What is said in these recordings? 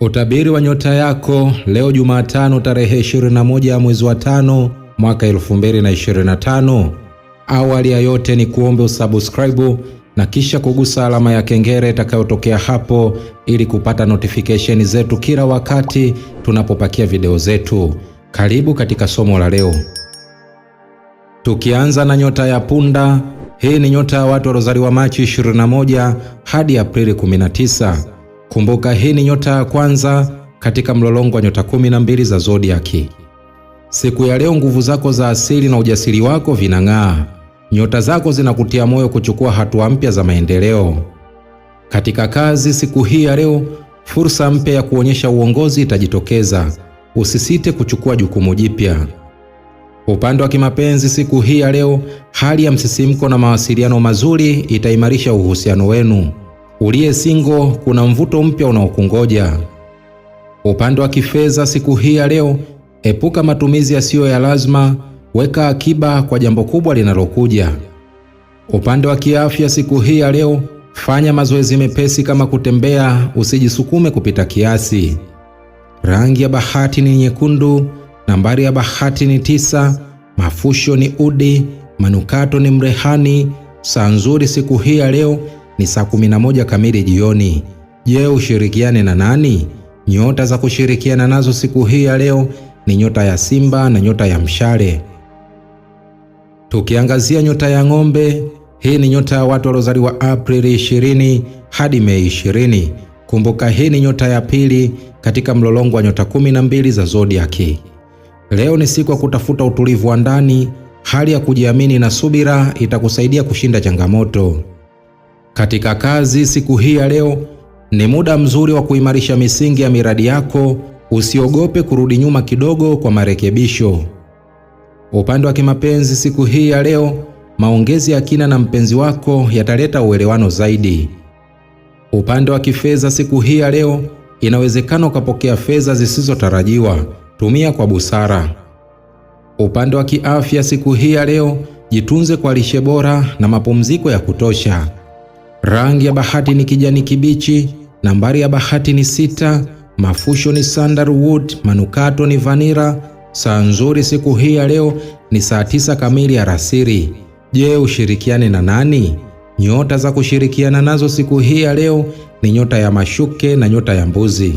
Utabiri wa nyota yako leo Jumatano tarehe 21 ya mwezi wa tano mwaka 2025. Awali ya yote ni kuombe usubscribe na kisha kugusa alama ya kengele itakayotokea hapo ili kupata notification zetu kila wakati tunapopakia video zetu. Karibu katika somo la leo. Tukianza na nyota ya punda, hii ni nyota ya watu waliozaliwa Machi 21 hadi Aprili 19. Kumbuka hii ni nyota ya kwanza katika mlolongo wa nyota kumi na mbili za zodiaki. Siku ya leo nguvu zako za asili na ujasiri wako vinang'aa. Nyota zako zinakutia moyo kuchukua hatua mpya za maendeleo. Katika kazi siku hii ya leo, fursa mpya ya kuonyesha uongozi itajitokeza. Usisite kuchukua jukumu jipya. Upande wa kimapenzi siku hii ya leo, hali ya msisimko na mawasiliano mazuri itaimarisha uhusiano wenu. Uliye singo, kuna mvuto mpya unaokungoja. Upande wa kifedha siku hii ya leo, epuka matumizi yasiyo ya lazima, weka akiba kwa jambo kubwa linalokuja. Upande wa kiafya siku hii ya leo, fanya mazoezi mepesi kama kutembea, usijisukume kupita kiasi. Rangi ya bahati ni nyekundu, nambari ya bahati ni tisa, mafusho ni udi, manukato ni mrehani. Saa nzuri siku hii ya leo ni saa 11 kamili jioni. Je, ushirikiane na nani? Nyota za kushirikiana nazo siku hii ya leo ni nyota ya Simba na nyota ya Mshale. Tukiangazia nyota ya Ng'ombe, hii ni nyota ya watu waliozaliwa Aprili 20 hadi Mei 20. Kumbuka, hii ni nyota ya pili katika mlolongo wa nyota 12 za zodiaki. Leo ni siku ya kutafuta utulivu wa ndani. Hali ya kujiamini na subira itakusaidia kushinda changamoto. Katika kazi siku hii ya leo ni muda mzuri wa kuimarisha misingi ya miradi yako. Usiogope kurudi nyuma kidogo kwa marekebisho. Upande wa kimapenzi siku hii ya leo, maongezi ya kina na mpenzi wako yataleta uelewano zaidi. Upande wa kifedha siku hii ya leo, inawezekana ukapokea fedha zisizotarajiwa. Tumia kwa busara. Upande wa kiafya siku hii ya leo, jitunze kwa lishe bora na mapumziko ya kutosha. Rangi ya bahati ni kijani kibichi. Nambari ya bahati ni sita. Mafusho ni sandalwood, manukato ni vanira. Saa nzuri siku hii ya leo ni saa tisa kamili ya rasiri. Je, ushirikiane na nani? Nyota za kushirikiana nazo siku hii ya leo ni nyota ya mashuke na nyota ya mbuzi.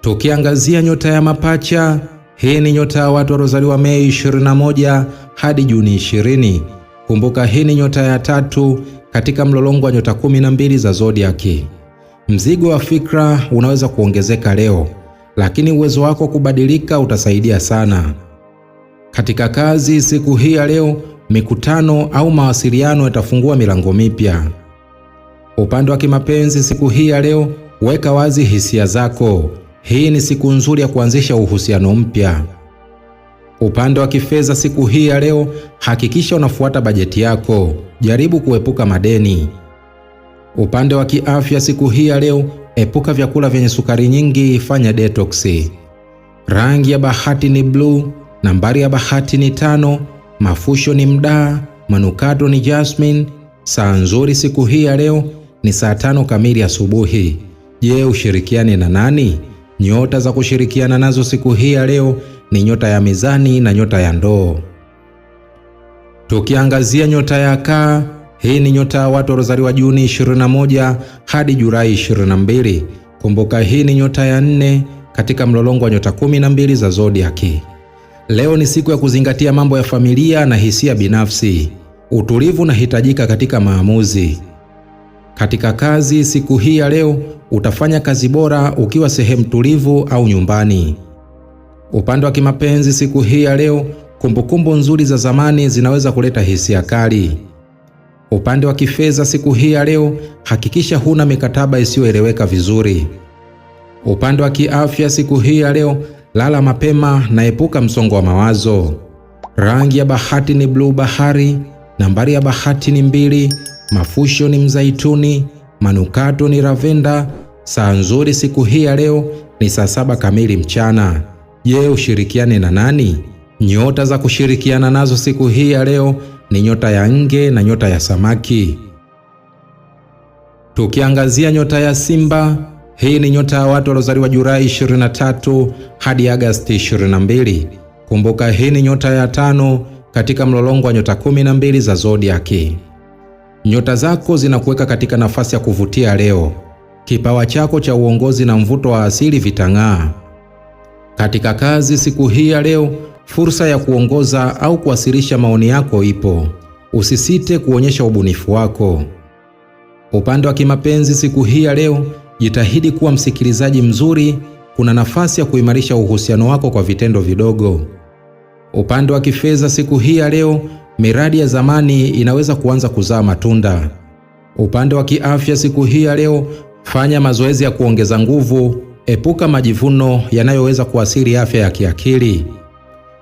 Tukiangazia nyota ya mapacha, hii ni nyota ya watu waliozaliwa Mei 21 hadi Juni 20. Kumbuka, hii ni nyota ya tatu katika mlolongo wa nyota mbili za zodiaki. Mzigo wa fikra unaweza kuongezeka leo, lakini uwezo wako kubadilika utasaidia sana. Katika kazi siku hii ya leo, mikutano au mawasiliano yatafungua milango mipya. Upande wa kimapenzi siku hii ya leo, weka wazi hisia zako. Hii ni siku nzuri ya kuanzisha uhusiano mpya. Upande wa kifedha siku hii ya leo, hakikisha unafuata bajeti yako, jaribu kuepuka madeni. Upande wa kiafya siku hii ya leo, epuka vyakula vyenye sukari nyingi, fanya detox. Rangi ya bahati ni bluu, nambari ya bahati ni tano, mafusho ni mdaa, manukato ni jasmine. Saa nzuri siku hii ya leo ni saa tano kamili asubuhi. Je, ushirikiane na nani? Nyota za kushirikiana nazo siku hii ya leo ni nyota ya mezani na nyota ya ndoo. Tukiangazia nyota ya kaa, hii ni nyota ya watu waliozaliwa Juni 21 hadi Julai 22. Kumbuka hii ni nyota ya nne katika mlolongo wa nyota 12 za zodiaki. Leo ni siku ya kuzingatia mambo ya familia na hisia binafsi. Utulivu unahitajika katika maamuzi. Katika kazi, siku hii ya leo utafanya kazi bora ukiwa sehemu tulivu au nyumbani. Upande wa kimapenzi siku hii ya leo, kumbukumbu nzuri za zamani zinaweza kuleta hisia kali. Upande wa kifedha siku hii ya leo, hakikisha huna mikataba isiyoeleweka vizuri. Upande wa kiafya siku hii ya leo, lala mapema na epuka msongo wa mawazo. Rangi ya bahati ni bluu bahari. Nambari ya bahati ni mbili. Mafusho ni mzaituni. Manukato ni ravenda. Saa nzuri siku hii ya leo ni saa saba kamili mchana. Je, ushirikiane na nani? Nyota za kushirikiana nazo siku hii ya leo ni nyota ya nge na nyota ya samaki. Tukiangazia nyota ya Simba, hii ni nyota ya watu waliozaliwa Julai 23 hadi Agasti 22. Kumbuka, hii ni nyota ya tano katika mlolongo wa nyota 12 za zodiaki. Nyota zako zinakuweka katika nafasi ya kuvutia leo. Kipawa chako cha uongozi na mvuto wa asili vitang'aa. Katika kazi siku hii ya leo, fursa ya kuongoza au kuwasilisha maoni yako ipo. Usisite kuonyesha ubunifu wako. Upande wa kimapenzi siku hii ya leo, jitahidi kuwa msikilizaji mzuri. Kuna nafasi ya kuimarisha uhusiano wako kwa vitendo vidogo. Upande wa kifedha siku hii ya leo, miradi ya zamani inaweza kuanza kuzaa matunda. Upande wa kiafya siku hii ya leo, fanya mazoezi ya kuongeza nguvu Epuka majivuno yanayoweza kuathiri afya ya kiakili.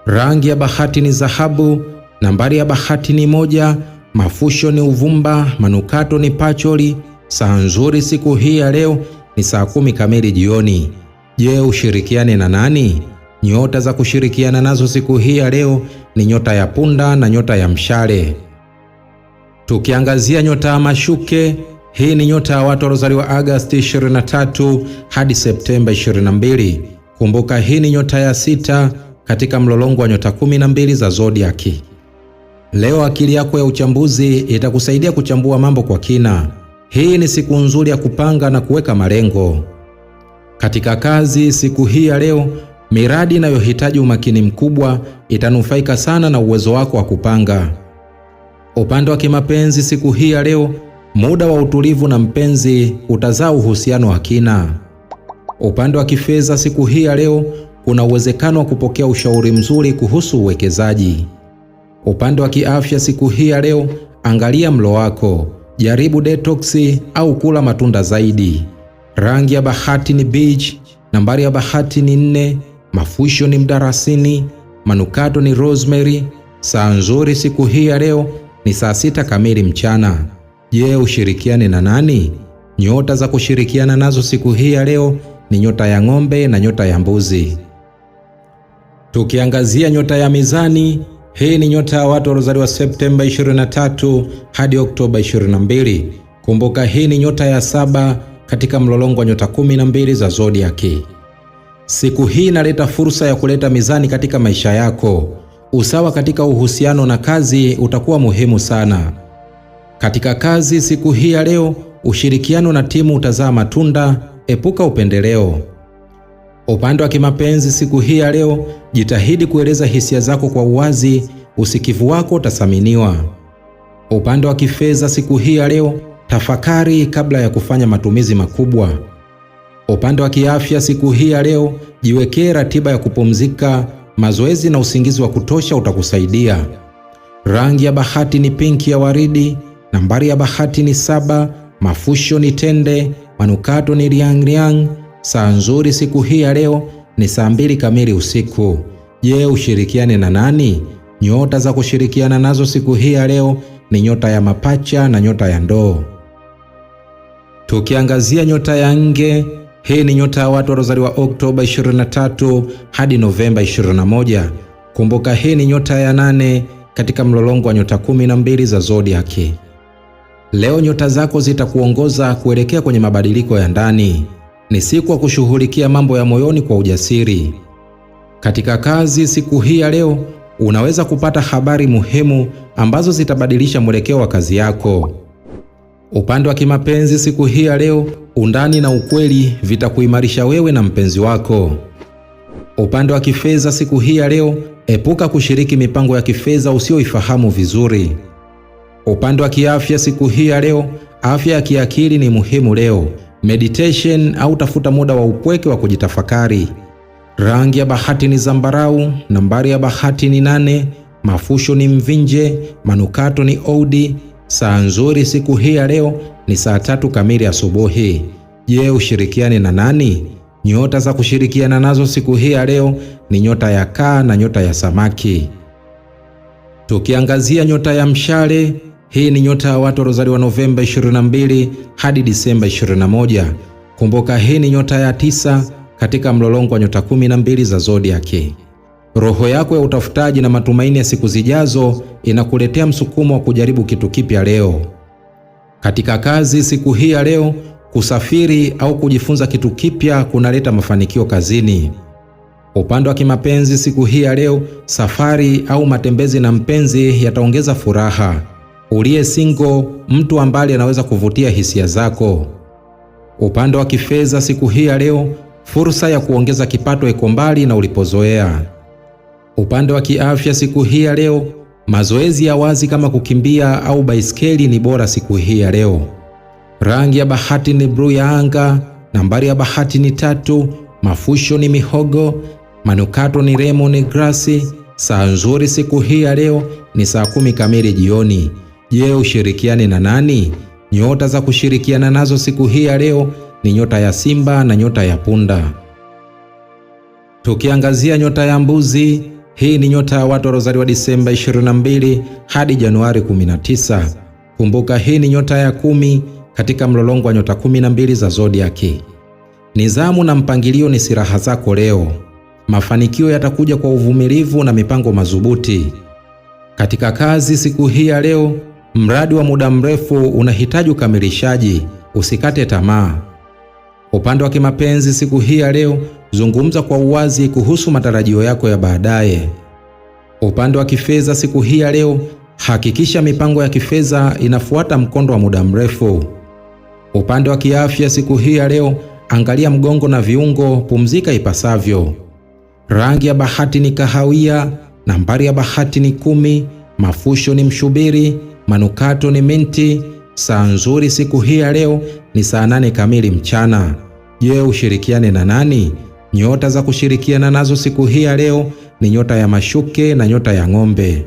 Rangi ya bahati ni dhahabu, nambari ya bahati ni moja, mafusho ni uvumba, manukato ni pacholi. Saa nzuri siku hii ya leo ni saa kumi kamili jioni. Je, ushirikiane na nani? Nyota za kushirikiana nazo siku hii ya leo ni nyota ya punda na nyota ya mshale. Tukiangazia nyota ya mashuke hii ni nyota ya watu waliozaliwa Agosti 23 hadi Septemba 22. Kumbuka hii ni nyota ya sita katika mlolongo wa nyota 12 za zodiaki. Leo akili yako ya uchambuzi itakusaidia kuchambua mambo kwa kina. Hii ni siku nzuri ya kupanga na kuweka malengo. Katika kazi siku hii ya leo, miradi inayohitaji umakini mkubwa itanufaika sana na uwezo wako wa kupanga. Upande wa kimapenzi siku hii ya leo, Muda wa utulivu na mpenzi utazaa uhusiano wa kina. Upande wa kifedha, siku hii ya leo kuna uwezekano wa kupokea ushauri mzuri kuhusu uwekezaji. Upande wa kiafya, siku hii ya leo, angalia mlo wako, jaribu detoksi au kula matunda zaidi. Rangi ya bahati ni beige, nambari ya bahati ni nne, mafusho ni mdarasini, manukato ni rosemary. Saa nzuri siku hii ya leo ni saa sita kamili mchana. Je, ushirikiane na nani? Nyota za kushirikiana nazo siku hii ya leo ni nyota ya ng'ombe na nyota ya mbuzi. Tukiangazia nyota ya Mizani, hii ni nyota ya watu waliozaliwa Septemba 23 hadi Oktoba 22. Kumbuka, hii ni nyota ya saba katika mlolongo wa nyota 12 za zodiaki. Siku hii inaleta fursa ya kuleta mizani katika maisha yako. Usawa katika uhusiano na kazi utakuwa muhimu sana. Katika kazi siku hii ya leo, ushirikiano na timu utazaa matunda. Epuka upendeleo. Upande wa kimapenzi siku hii ya leo, jitahidi kueleza hisia zako kwa uwazi. Usikivu wako utathaminiwa. Upande wa kifedha siku hii ya leo, tafakari kabla ya kufanya matumizi makubwa. Upande wa kiafya siku hii ya leo, jiwekee ratiba ya kupumzika. Mazoezi na usingizi wa kutosha utakusaidia. Rangi ya bahati ni pinki ya waridi. Nambari ya bahati ni saba. Mafusho ni tende. Manukato ni riangriang. Saa nzuri siku hii ya leo ni saa mbili kamili usiku. Je, ushirikiane na nani? Nyota za kushirikiana nazo siku hii ya leo ni nyota ya mapacha na nyota ya ndoo. Tukiangazia nyota ya nge, hii ni nyota ya watu waliozaliwa Oktoba 23 hadi Novemba 21. Kumbuka, hii ni nyota ya nane katika mlolongo wa nyota 12 za zodiaki. Leo nyota zako zitakuongoza kuelekea kwenye mabadiliko ya ndani. Ni siku ya kushughulikia mambo ya moyoni kwa ujasiri. Katika kazi siku hii ya leo, unaweza kupata habari muhimu ambazo zitabadilisha mwelekeo wa kazi yako. Upande wa kimapenzi siku hii ya leo, undani na ukweli vitakuimarisha wewe na mpenzi wako. Upande wa kifedha siku hii ya leo, epuka kushiriki mipango ya kifedha usioifahamu vizuri. Upande wa kiafya siku hii ya leo, afya ya kiakili ni muhimu leo. Meditation au tafuta muda wa upweke wa kujitafakari. Rangi ya bahati ni zambarau, nambari ya bahati ni nane, mafusho ni mvinje, manukato ni oudi. Saa nzuri siku hii ya leo ni saa tatu kamili asubuhi. Je, ushirikiane na nani? Nyota za kushirikiana nazo siku hii ya leo ni nyota ya kaa na nyota ya samaki. Tukiangazia nyota ya mshale hii ni nyota ya watu waliozaliwa Novemba 22 hadi Disemba 21. Kumbuka, hii ni nyota ya tisa katika mlolongo wa nyota 12 za zodiaki. Roho yako ya utafutaji na matumaini ya siku zijazo inakuletea msukumo wa kujaribu kitu kipya leo. Katika kazi siku hii ya leo, kusafiri au kujifunza kitu kipya kunaleta mafanikio kazini. Upande wa kimapenzi siku hii ya leo, safari au matembezi na mpenzi yataongeza furaha uliye single, mtu ambaye anaweza kuvutia hisia zako. Upande wa kifedha siku hii ya leo, fursa ya kuongeza kipato iko mbali na ulipozoea. Upande wa kiafya siku hii ya leo, mazoezi ya wazi kama kukimbia au baiskeli ni bora siku hii ya leo. Rangi ya bahati ni bluu ya anga. Nambari ya bahati ni tatu. Mafusho ni mihogo. Manukato ni lemon grass. Saa nzuri siku hii ya leo ni saa kumi kamili jioni. Je, ushirikiane na nani? Nyota za kushirikiana nazo siku hii ya leo ni nyota ya Simba na nyota ya Punda. Tukiangazia nyota ya Mbuzi, hii ni nyota ya watu waliozaliwa Disemba 22 hadi Januari 19. Kumbuka hii ni nyota ya kumi katika mlolongo wa nyota 12 za zodiaki. Nizamu na mpangilio ni silaha zako leo. Mafanikio yatakuja kwa uvumilivu na mipango madhubuti. Katika kazi siku hii ya leo, Mradi wa muda mrefu unahitaji ukamilishaji, usikate tamaa. Upande wa kimapenzi siku hii ya leo, zungumza kwa uwazi kuhusu matarajio yako ya baadaye. Upande wa kifedha siku hii ya leo, hakikisha mipango ya kifedha inafuata mkondo wa muda mrefu. Upande wa kiafya siku hii ya leo, angalia mgongo na viungo, pumzika ipasavyo. Rangi ya bahati ni kahawia, nambari ya bahati ni kumi, mafusho ni mshubiri, Manukato ni minti. Saa nzuri siku hii ya leo ni saa nane kamili mchana. Je, ushirikiane na nani? Nyota za kushirikiana nazo siku hii ya leo ni nyota ya mashuke na nyota ya ng'ombe.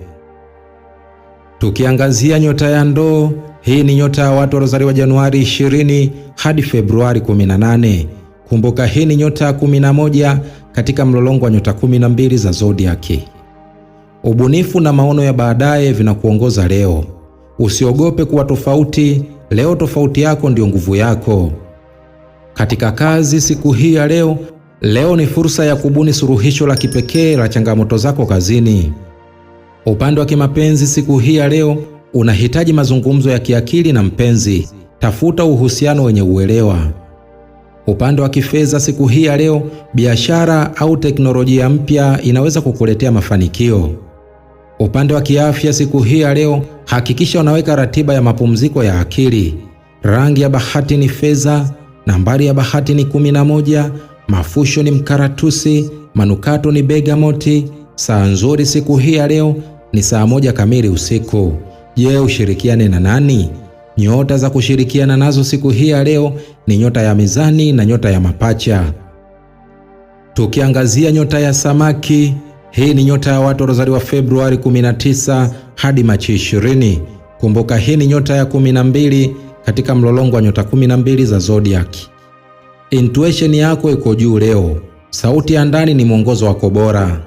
Tukiangazia nyota ya ndoo, hii ni nyota ya watu waliozaliwa Januari 20 hadi Februari 18. Kumbuka hii ni nyota ya 11 katika mlolongo wa nyota 12 za zodiaki. Ubunifu na maono ya baadaye vinakuongoza leo. Usiogope kuwa tofauti. Leo tofauti yako ndiyo nguvu yako. Katika kazi siku hii ya leo, leo ni fursa ya kubuni suluhisho la kipekee la changamoto zako kazini. Upande wa kimapenzi siku hii ya leo, unahitaji mazungumzo ya kiakili na mpenzi. Tafuta uhusiano wenye uelewa. Upande wa kifedha siku hii ya leo, biashara au teknolojia mpya inaweza kukuletea mafanikio. Upande wa kiafya siku hii ya leo Hakikisha unaweka ratiba ya mapumziko ya akili. Rangi ya bahati ni fedha, nambari ya bahati ni kumi na moja, mafusho ni mkaratusi, manukato ni begamoti. Saa nzuri siku hii ya leo ni saa moja kamili usiku. Je, ushirikiane na nani? Nyota za kushirikiana nazo siku hii ya leo ni nyota ya mizani na nyota ya mapacha. Tukiangazia nyota ya samaki, hii ni nyota ya watu waliozaliwa Februari 19 hadi Machi 20. Kumbuka hii ni nyota ya 12 katika mlolongo wa nyota 12 za zodiac. Intuition yako iko juu leo, sauti ya ndani ni mwongozo wako bora.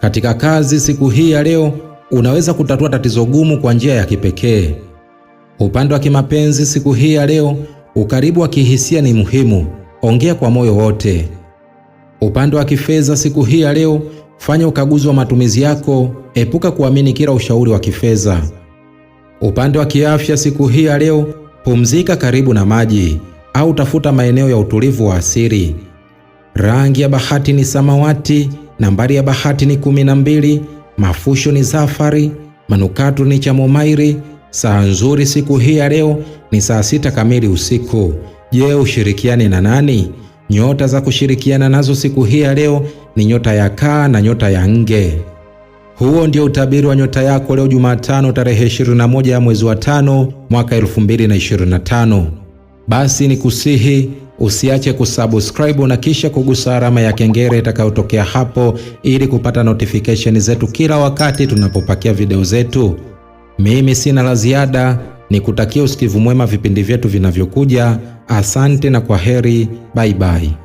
Katika kazi siku hii ya leo, unaweza kutatua tatizo gumu kwa njia ya kipekee. Upande wa kimapenzi siku hii ya leo, ukaribu wa kihisia ni muhimu, ongea kwa moyo wote. Upande wa kifedha siku hii ya leo, fanya ukaguzi wa matumizi yako epuka kuamini kila ushauri wa kifedha. Upande wa kiafya siku hii ya leo, pumzika karibu na maji au tafuta maeneo ya utulivu wa asili. Rangi ya bahati ni samawati, nambari ya bahati ni kumi na mbili, mafusho ni zafari, manukato ni chamomairi. Saa nzuri siku hii ya leo ni saa sita kamili usiku. Je, ushirikiane na nani? Nyota za kushirikiana nazo siku hii ya leo ni nyota ya kaa na nyota ya nge. Huo ndio utabiri wa nyota yako leo Jumatano tarehe 21 ya mwezi wa tano mwaka 2025. Basi ni kusihi usiache kusubscribe na kisha kugusa alama ya kengele itakayotokea hapo ili kupata notification zetu kila wakati tunapopakia video zetu. Mimi sina la ziada, kutakia usikivu mwema vipindi vyetu vinavyokuja. Asante na kwa heri, bye bye.